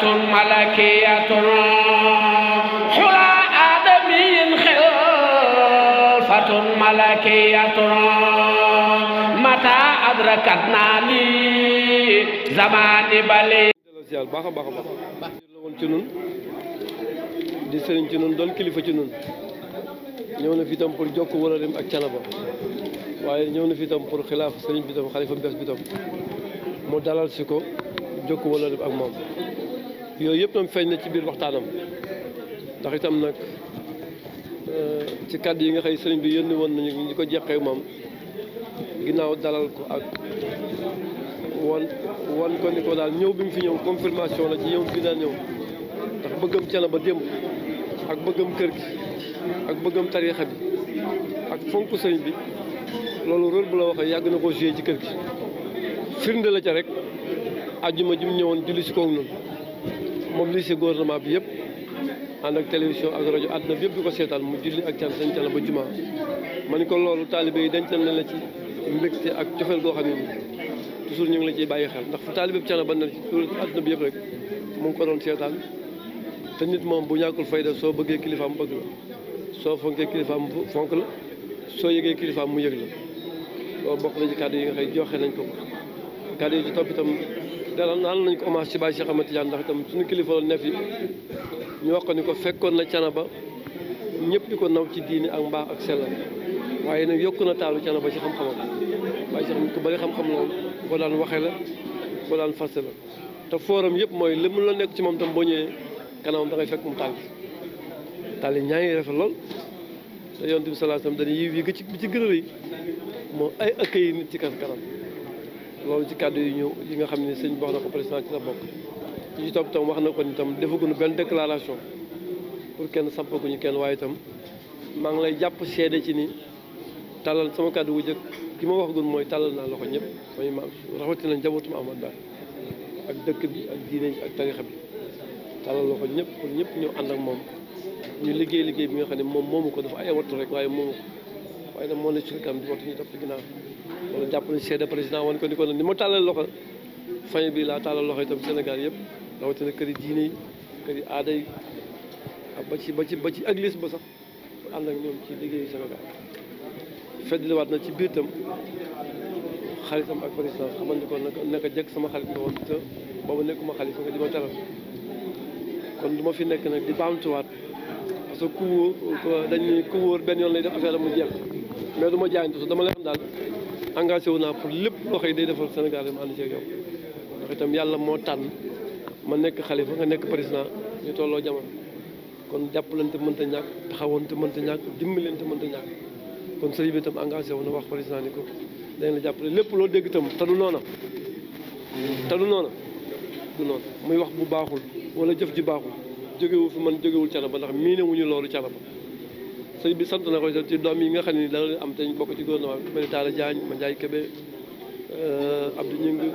طاعة ملكية حلى آدمي خلفة ملكية متى أدركتنا لي زمان بلي baax a baax a baax la woon ci nun di sëriñ ci nun doon kilifa ci nun ñëw na fi tam pour jokk wala dem ak canaba waaye ñëw na fi tam pour xilaaf sëriñ bi tam xalifa bees bi tam mu dalal si ko jokk wala dem ak moom yooyu yëpp tam feeñ na ci biir waxtaanam ndax itam nag eh, ci kàddu yi nga xëy sëriñ bi yónni woon nañu ñi ko jeqee moom ginnaaw dalal ko ak won won ko ni ko daal ñëw bi ñu fi ñëw confirmation la ci yow bi daan ñëw ndax bëggam cana ba démb ak bëggam kër gi ak bëggam tariixa bi ak fonk sëriñ bi loolu rôle bu la waxee yàgg na koo joué ci kër gi firnde la ca rek àjjuma jum ñëwoon julli si kook noonu mobiliser gouvernement bi yëpp ànd ak télévision ak rajo àdduna bi yëpp di ko seetaan mu julli ak can sañ cala ba juma man ko loolu taalibe yi dencal na la ci mbégte ak cofeel goo xam ne toujours ñu ngi la ciy bàyyi xel ndax fu bi cana ba na ci àdduna bi yëpp rek mu ko doon seetaan te moom bu ñàkkul fayda soo bëggee kilifaam bëgg la soo fonkee kilifaam fonk la soo yëgee kilifaam mu yëg bokk na ci yi nga xëy nañ ko dara naan nañ ko hommage ci Baye Cheikh Ahmed Tidiane ndax itam suñu kilifa la ne ñu wax ko ko fekkoon na canaba ñëpp di ko ci diini ak mbaax ak sellal waaye nag yokk na taalu ba ci xam-xamam Baye Cheikh Ahmed ku bëri xam-xam la ko daan waxee la ko daan fase la te fooram yëpp mooy li mu la nekk ci moom tam boo ñëwee kanamam da ngay fekk mu tàlli tàlli ñaa ngi rafet lool te yonent bi sallallahu alayhi wasallam dañuy yi ci bi ci gën a moo ay accueil nit ci kanam loolu ci kàddu yu ñëw yi nga xam ne sëñ bi wax na ko président ci la bokk ci ci topp itam wax na ko ni itam defaguñu benn déclaration pour kenn sampaguñu kenn waaye tam maa ngi lay jàpp seede ci ni talal sama kàddu gu jëkk ki ma wax gun mooy talal naa loxo ñëpp mooy ma rawatina njabootu ma Ahmad ak dëkk bi ak diine ji ak tarixa bi talal loxo ñëpp pour ñëpp ñëw ànd ak moom ñu liggéey liggéey bi nga xam ne moom moomu ko dafa ay wattu rek waaye moomu ko waaye nag moo la ci kanam di wax ñu topp ginnaaw wala jàpp ne seede président wan ko ni ko ni ma tàllal loxo famille bi laa tàllal loxo tam Sénégal yëpp rawatina kër yi diine yi kër yi aada yi ba ci ba ci ba ci église ba sax pour ànd ak ñoom ci liggéey Sénégal fëtliwaat na ci biir itam xaritam ak président xamal ni ko naka naka jëkk sama xarit nga woon te booba nekkuma xarit nga di ma teral kon du ma fi nekk nag di baamtuwaat parce que ku wóor dañ ku wóor benn yoon mais du ma jaayante su dama lay xam daal engagé wu naa pour lépp loo day defal Sénégal yi ma ànd ceeg yow ndax itam yàlla moo tànn ma nekk xalifa nga nekk président ñu tolloo jamono kon jàppalante mënta ñàkk taxawante mënta ñàkk dimbalante mënta ñàkk kon sëriñ bi itam engagé wu ne wax naa ni ko dañ la jàppale lépp loo dégg tam te du noona te du noona muy wax bu baaxul wala jëf ji baaxul jógewul fi man jógewul canaba ndax miinewuñu loolu canaba sëñ bi sant na ko itam ci doom yi nga xam ne dana am te ñu bokk ci gouvernement bi mel ni Talla Diagne Mandiaye Kébé euh, Abdou Ngingue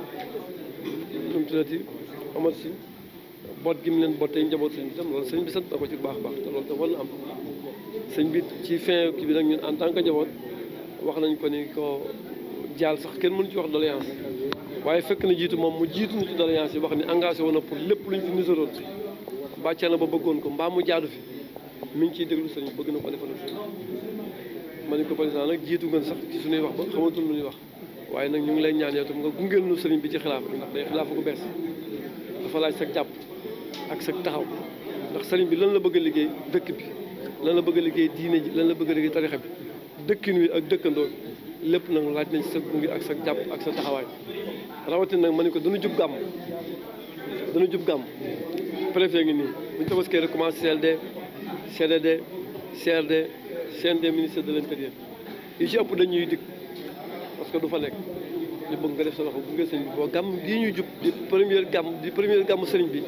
nu boot gi njaboot sëñ bi tam loolu bi sant na ko ci baax baax te loolu tam war am sëñ bi ci fin kii bi nag ñun en tant que njaboot wax nañ ko ni ko jaal sax kenn mënu ci wax doléance waaye fekk na jiitu moom mu jiitu ñu ci doléance yi wax ni engagé woon na pour lépp luñ fi nisoroon bàccee na ba bëggoon ko mbaa mu jaadu fi mi ngi ciy déglu sëriñ bëgg na ko defal sëriñ ma ne ko président nag jiitu ngeen sax ci suñuy wax ba xamatul lu ñuy wax waaye nag ñu ngi lay ñaan yow tam nga gungeel nu sëriñ bi ci xilaafa bi ndax day xilaafa gu bees dafa laaj sa jàpp ak sa taxaw ndax sëriñ bi lan la bëgg a liggéey dëkk bi lan la bëgg a liggéey diine ji lan la bëgg a liggéey tarixa bi dëkkin wi ak dëkkandoo lépp nag laaj nañ sa gunge ak sa jàpp ak sa taxawaay rawatin nag ma ne ko dana jub gàmm dana jub gàmm préfet ngi nii buñ CDD CRD CND ministre de l'intérieur yi ci ëpp dañuy dikk parce que du fa nekk ñu bëgg nga def sa loxo bu nga sëriñ bi boo gàmm gii ñuy jub di première gàmm di première gàmm sëriñ bi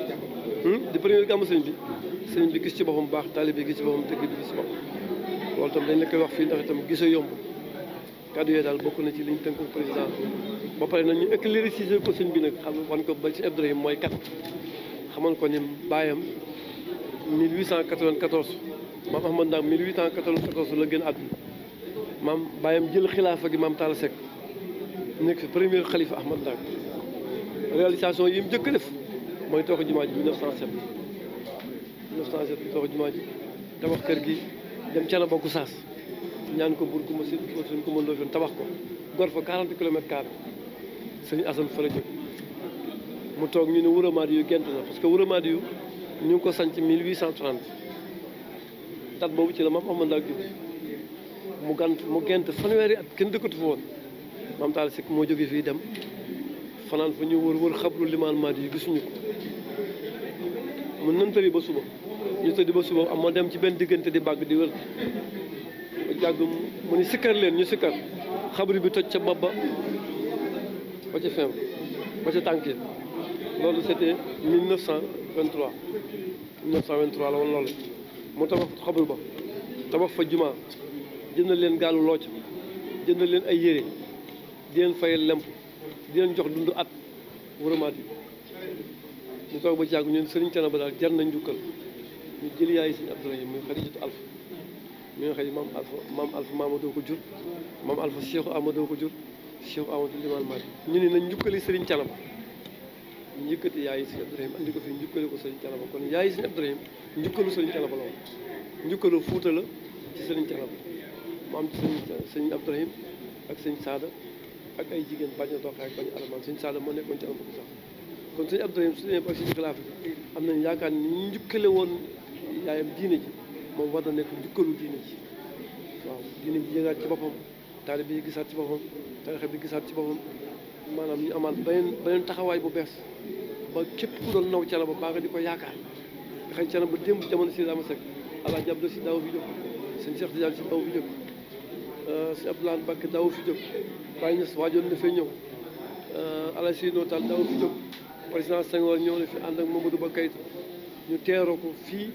hmm? di première gàmm sëriñ bi sëriñ bi gis ci boppam baax taalib bi gis ci boppam dëkk bi gis ci boppam loolu tam dañ la koy wax fii ndax itam gise yomb kàddu yooyu daal bokk na ci liñ tënk président ba pare nag ñu éclairciser ko sëñ bi nag xam wan ko ba ci Ibrahim mooy kat xaman ko ni baayam 1894 maam Ahmad Ndaam 1894 la génn àdduna maam bàyyam jël xilaafa gi maam Talla Seck nekk fi premier xalifa Ahmad Ndaam réalisation yi mu njëkk def mooy toog jumaa ji 1907 1907 toog jumaa ji tabax kër gi dem ca la bokk saas ñaan ko buur ku ma si suñ ko mën loo tabax ko gor fa 40 kilomètres carré sëñ Assane fa la jóg mu toog ñu ne wuramaat yu gent na parce que wuramaat yu ñu ngi ko sanc 1830 date boobu ci la maam Ahmadou Ndaw judd mu gant mu gent fanweeri at kenn dëkkatu fa woon maam Talla moo jóge fii dem fanaan fa ñu wër wër xabru limaal maadi yi gisuñu ko mun nan tëri ba suba ñu tëddi ba suba am ma dem ci benn diggante di bàgg di wër jàgg mu ni sikkar leen ñu sikkar xabri bi toj ca bopp ba ba ca fin ba loolu c'était 1923 1923 la woon loolu mu tabax xabru ba tabax fa juma jëndal leen gaalu looca jënd leen ay yére di leen fayal lemp di jox dund at wërëmaat yi ñu toog ba jàgg ñun sëriñ Thiénaba daal jar nañ njukkal ñu jël yaay sëñ Abdoulaye muy Xadijatu Alfa mi nga xam ne maam Alfa maam Alfa Mamadou ko jur maam Alfa Cheikh Amadou ko jur Cheikh Amadou Liman Mari ñu ne nañ njukkali sëriñ Thiénaba ñu yëkkati yaayu sëñ Abdourahim andi ko fi njukkale ko sëriñ Thiénaba kon yaayu sëñ Abdourahim njukkalu sëriñ Thiénaba la woon njukkalu Fuuta ci sëriñ Thiénaba sëñ Saada ay jigéen bañ a dox ak bañ a alamaan moo nekkoon ci alamaan sax kon sëñ Abdourahim su demee ak sëñ xilaafa bi am nañ yaakaar ni ñu njukkale woon yaayam diine ji moom war na nekk njukkalu diine ji waaw diine ji yëgaat ci boppam taalibe bi gisaat ci boppam tarixa bi gisaat ci boppam maanaam ñu amaan beneen beneen taxawaay bu bees ba képp ku doon naw Thiénaba baa nga di ko yaakaar nga xam Thiénaba démb jamono si dama sek ala jàpp si daaw fi jóg seen Cheikh Tidiane si daaw fi jóg euh, si Abdoulaye Mbacke daaw fi jóg Baye Niass waajoon na fee ñëw euh, Alassane Seynou Tall daaw fi jóg président Senghor ñëw na fi ànd ak Mamadou Ba Keïta ñu teeroo ko fii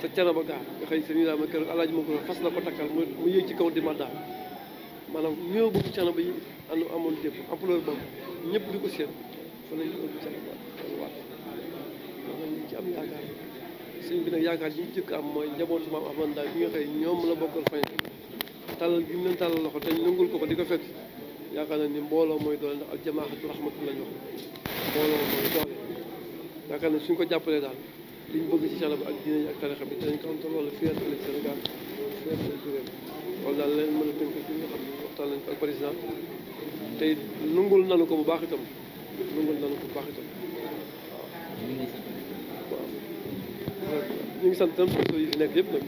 te Thiénaba gaar nga xam seen i daama keroog alaaji ma ko fas la ko takkal mu yéeg ci kaw di ma maanaam ñëw boobu canaba yi anu amoon démb ampleur boobu ñëpp di ko seet fa lañ ëpp canaba waat maanaam ñu ci am yaakaar bi nag yaakaar yi ñu jëkk am mooy njabootu maam Ahmad Ndaa bi nga xëy ñoom la bokkal fañ tàllal gi mu leen tàllal loxo te nangul ko ko di ko fekk yaakaar na ni mbooloo mooy doole ak jamaaxatu rahmatu lañ wax mbooloo yaakaar na suñ ko jàppalee daal liñ bëgg ci canaba ak diine ak tarixa bi dinañ ko am te loolu fierté la Sénégal fierté daal leen mën a tënk ci nga xam waxtaan nañ ko ak président te nungul nanu ko bu baax itam nungul nanu ko bu baax itam waaw waaw ñu ngi sant itam soso yi nekk yëpp nag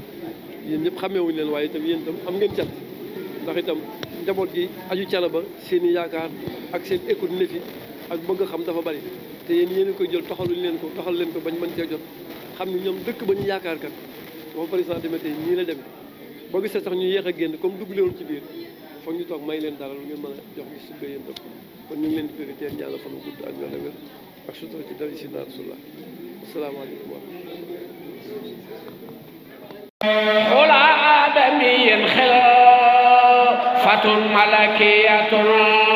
yéen ñëpp xameewuñu leen waaye itam yéen itam am ngeen cat ndax itam njaboot gi aju cana ba seen yaakaar ak seen écoute ak bëgg xam dafa bari te yéen yéen koy jël toxaluñ leen ko toxal leen ko bañ man cee jot xam ne ñoom dëkk ba ñu yaakaar kat dafa président demee tey nii la demee boo gisee sax ñu yéex a génn comme dugg leen ci biir foog ñu toog may leen dara lu ngeen mën a jox ñu suñu yéen dëpp kon ñu ngi leen di bëgg teen ñaanal fan gudd ak wér a wér ak sutura ci dara si naa rasulullah asalaamaaleykum wa xula aadamiyin xel fatun malakiyatun